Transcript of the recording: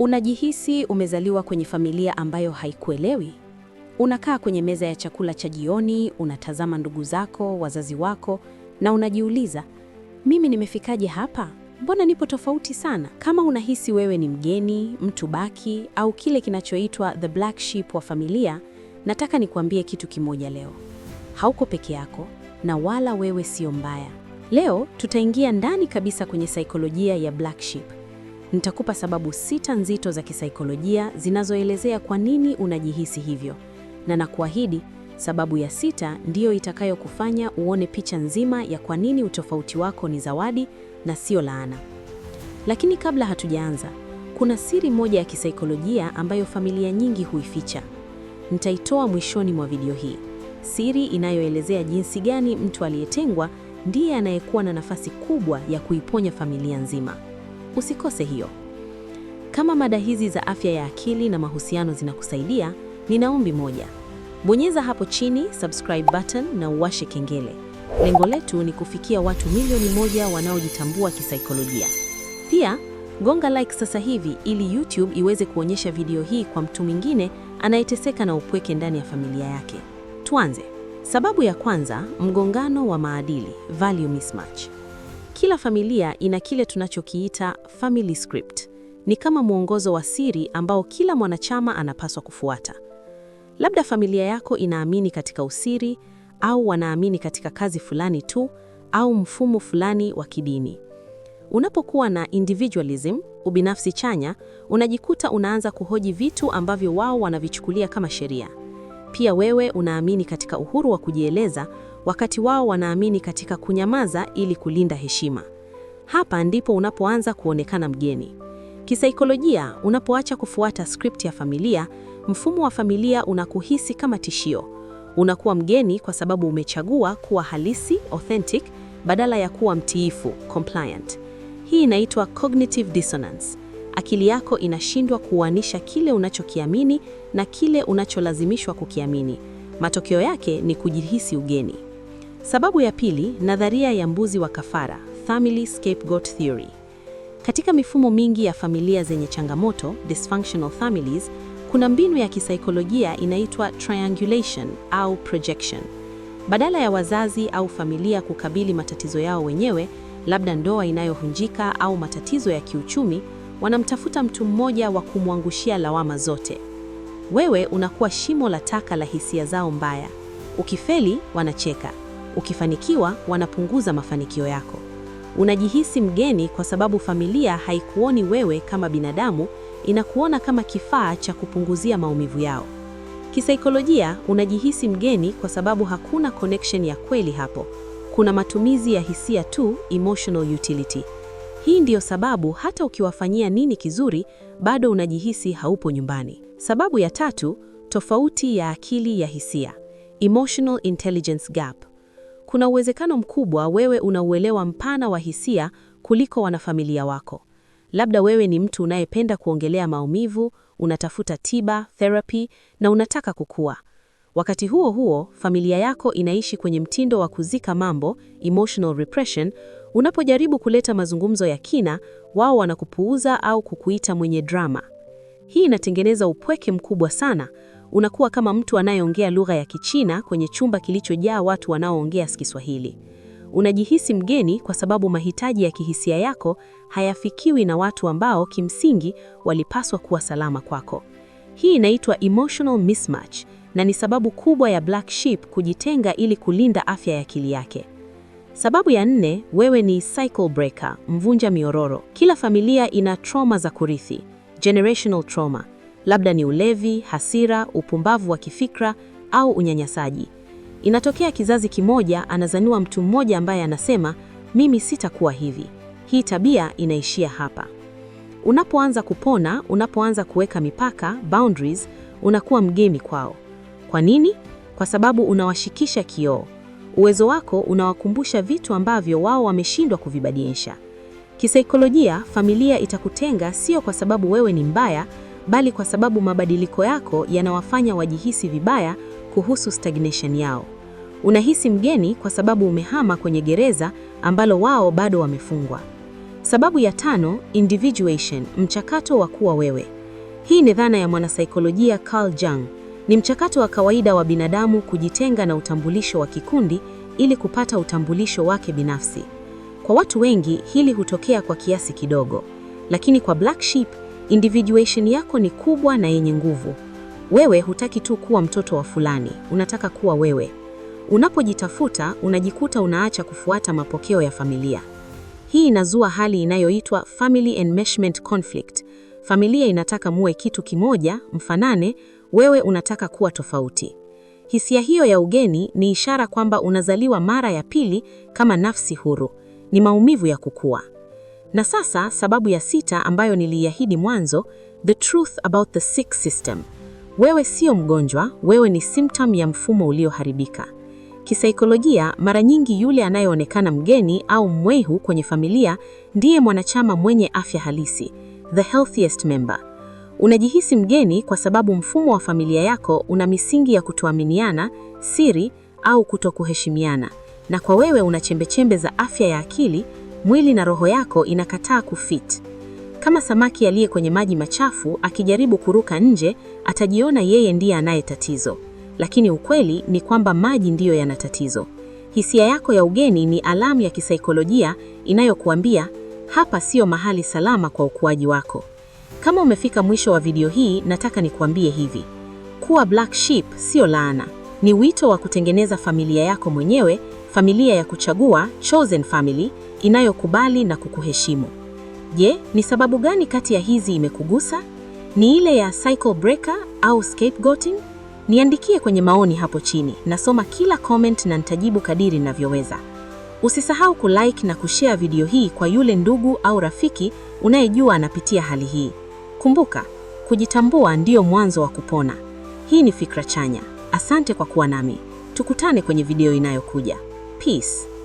Unajihisi umezaliwa kwenye familia ambayo haikuelewi? Unakaa kwenye meza ya chakula cha jioni, unatazama ndugu zako, wazazi wako, na unajiuliza, mimi nimefikaje hapa? Mbona nipo tofauti sana? Kama unahisi wewe ni mgeni, mtu baki, au kile kinachoitwa the black sheep wa familia, nataka nikuambie kitu kimoja leo. Hauko peke yako na wala wewe sio mbaya. Leo tutaingia ndani kabisa kwenye saikolojia ya black sheep. Nitakupa sababu sita nzito za kisaikolojia zinazoelezea kwa nini unajihisi hivyo, na nakuahidi sababu ya sita ndiyo itakayokufanya uone picha nzima ya kwa nini utofauti wako ni zawadi na sio laana. Lakini kabla hatujaanza, kuna siri moja ya kisaikolojia ambayo familia nyingi huificha. Nitaitoa mwishoni mwa video hii, siri inayoelezea jinsi gani mtu aliyetengwa ndiye anayekuwa na nafasi kubwa ya kuiponya familia nzima. Usikose hiyo. Kama mada hizi za afya ya akili na mahusiano zinakusaidia, nina ombi moja. Bonyeza hapo chini subscribe button na uwashe kengele. Lengo letu ni kufikia watu milioni moja wanaojitambua kisaikolojia. Pia gonga like sasa hivi ili YouTube iweze kuonyesha video hii kwa mtu mwingine anayeteseka na upweke ndani ya familia yake. Tuanze. Sababu ya kwanza, mgongano wa maadili, value mismatch. Kila familia ina kile tunachokiita family script. Ni kama mwongozo wa siri ambao kila mwanachama anapaswa kufuata. Labda familia yako inaamini katika usiri au wanaamini katika kazi fulani tu au mfumo fulani wa kidini. Unapokuwa na individualism, ubinafsi chanya, unajikuta unaanza kuhoji vitu ambavyo wao wanavichukulia kama sheria. Pia wewe unaamini katika uhuru wa kujieleza wakati wao wanaamini katika kunyamaza ili kulinda heshima. Hapa ndipo unapoanza kuonekana mgeni kisaikolojia. Unapoacha kufuata script ya familia, mfumo wa familia unakuhisi kama tishio. Unakuwa mgeni kwa sababu umechagua kuwa halisi, authentic, badala ya kuwa mtiifu, compliant. Hii inaitwa cognitive dissonance. Akili yako inashindwa kuuanisha kile unachokiamini na kile unacholazimishwa kukiamini. Matokeo yake ni kujihisi ugeni. Sababu ya pili, nadharia ya mbuzi wa kafara, family scapegoat theory. Katika mifumo mingi ya familia zenye changamoto, dysfunctional families, kuna mbinu ya kisaikolojia inaitwa triangulation au projection. Badala ya wazazi au familia kukabili matatizo yao wenyewe, labda ndoa inayohunjika au matatizo ya kiuchumi, wanamtafuta mtu mmoja wa kumwangushia lawama zote. Wewe unakuwa shimo la taka la hisia zao mbaya. Ukifeli, wanacheka. Ukifanikiwa, wanapunguza mafanikio yako. Unajihisi mgeni kwa sababu familia haikuoni wewe kama binadamu, inakuona kama kifaa cha kupunguzia maumivu yao. Kisaikolojia, unajihisi mgeni kwa sababu hakuna connection ya kweli hapo. Kuna matumizi ya hisia tu, emotional utility. Hii ndiyo sababu hata ukiwafanyia nini kizuri, bado unajihisi haupo nyumbani. Sababu ya tatu, tofauti ya akili ya hisia, emotional intelligence gap kuna uwezekano mkubwa wewe unauelewa mpana wa hisia kuliko wanafamilia wako. Labda wewe ni mtu unayependa kuongelea maumivu, unatafuta tiba therapy, na unataka kukua. Wakati huo huo, familia yako inaishi kwenye mtindo wa kuzika mambo, emotional repression. Unapojaribu kuleta mazungumzo ya kina, wao wanakupuuza au kukuita mwenye drama. Hii inatengeneza upweke mkubwa sana unakuwa kama mtu anayeongea lugha ya Kichina kwenye chumba kilichojaa watu wanaoongea Kiswahili. Unajihisi mgeni kwa sababu mahitaji ya kihisia yako hayafikiwi na watu ambao kimsingi walipaswa kuwa salama kwako. Hii inaitwa emotional mismatch na ni sababu kubwa ya Black Sheep kujitenga ili kulinda afya ya akili yake. Sababu ya nne, wewe ni cycle breaker, mvunja miororo. Kila familia ina trauma za kurithi, generational trauma labda ni ulevi, hasira, upumbavu wa kifikra au unyanyasaji. Inatokea kizazi kimoja, anazaniwa mtu mmoja ambaye anasema mimi sitakuwa hivi, hii tabia inaishia hapa. Unapoanza kupona, unapoanza kuweka mipaka boundaries, unakuwa mgeni kwao. Kwa nini? Kwa sababu unawashikisha kioo. Uwezo wako unawakumbusha vitu ambavyo wao wameshindwa kuvibadilisha. Kisaikolojia, familia itakutenga sio kwa sababu wewe ni mbaya, bali kwa sababu mabadiliko yako yanawafanya wajihisi vibaya kuhusu stagnation yao. Unahisi mgeni kwa sababu umehama kwenye gereza ambalo wao bado wamefungwa. Sababu ya tano, individuation, mchakato wa kuwa wewe. Hii ni dhana ya mwanasaikolojia Carl Jung. Ni mchakato wa kawaida wa binadamu kujitenga na utambulisho wa kikundi ili kupata utambulisho wake binafsi. Kwa watu wengi hili hutokea kwa kiasi kidogo, lakini kwa black sheep Individuation yako ni kubwa na yenye nguvu. Wewe hutaki tu kuwa mtoto wa fulani, unataka kuwa wewe. Unapojitafuta, unajikuta unaacha kufuata mapokeo ya familia. Hii inazua hali inayoitwa family enmeshment conflict. Familia inataka muwe kitu kimoja, mfanane, wewe unataka kuwa tofauti. Hisia hiyo ya ugeni ni ishara kwamba unazaliwa mara ya pili kama nafsi huru. Ni maumivu ya kukua. Na sasa sababu ya sita ambayo niliahidi mwanzo, the truth about the sick system. Wewe sio mgonjwa, wewe ni symptom ya mfumo ulioharibika. Kisaikolojia, mara nyingi yule anayeonekana mgeni au mwehu kwenye familia ndiye mwanachama mwenye afya halisi, the healthiest member. Unajihisi mgeni kwa sababu mfumo wa familia yako una misingi ya kutoaminiana, siri au kutokuheshimiana, na kwa wewe una chembechembe za afya ya akili mwili na roho yako inakataa kufit. Kama samaki aliye kwenye maji machafu akijaribu kuruka nje, atajiona yeye ndiye anaye tatizo, lakini ukweli ni kwamba maji ndiyo yana tatizo. Hisia yako ya ugeni ni alamu ya kisaikolojia inayokuambia hapa sio mahali salama kwa ukuaji wako. Kama umefika mwisho wa video hii, nataka nikuambie hivi: kuwa black sheep sio laana, ni wito wa kutengeneza familia yako mwenyewe, familia ya kuchagua, chosen family inayokubali na kukuheshimu. Je, ni sababu gani kati ya hizi imekugusa? Ni ile ya cycle breaker au scapegoating? Niandikie kwenye maoni hapo chini, nasoma kila comment na nitajibu kadiri ninavyoweza. Usisahau kulike na kushare video hii kwa yule ndugu au rafiki unayejua anapitia hali hii. Kumbuka, kujitambua ndiyo mwanzo wa kupona. Hii ni Fikra Chanya. Asante kwa kuwa nami. Tukutane kwenye video inayokuja. Peace.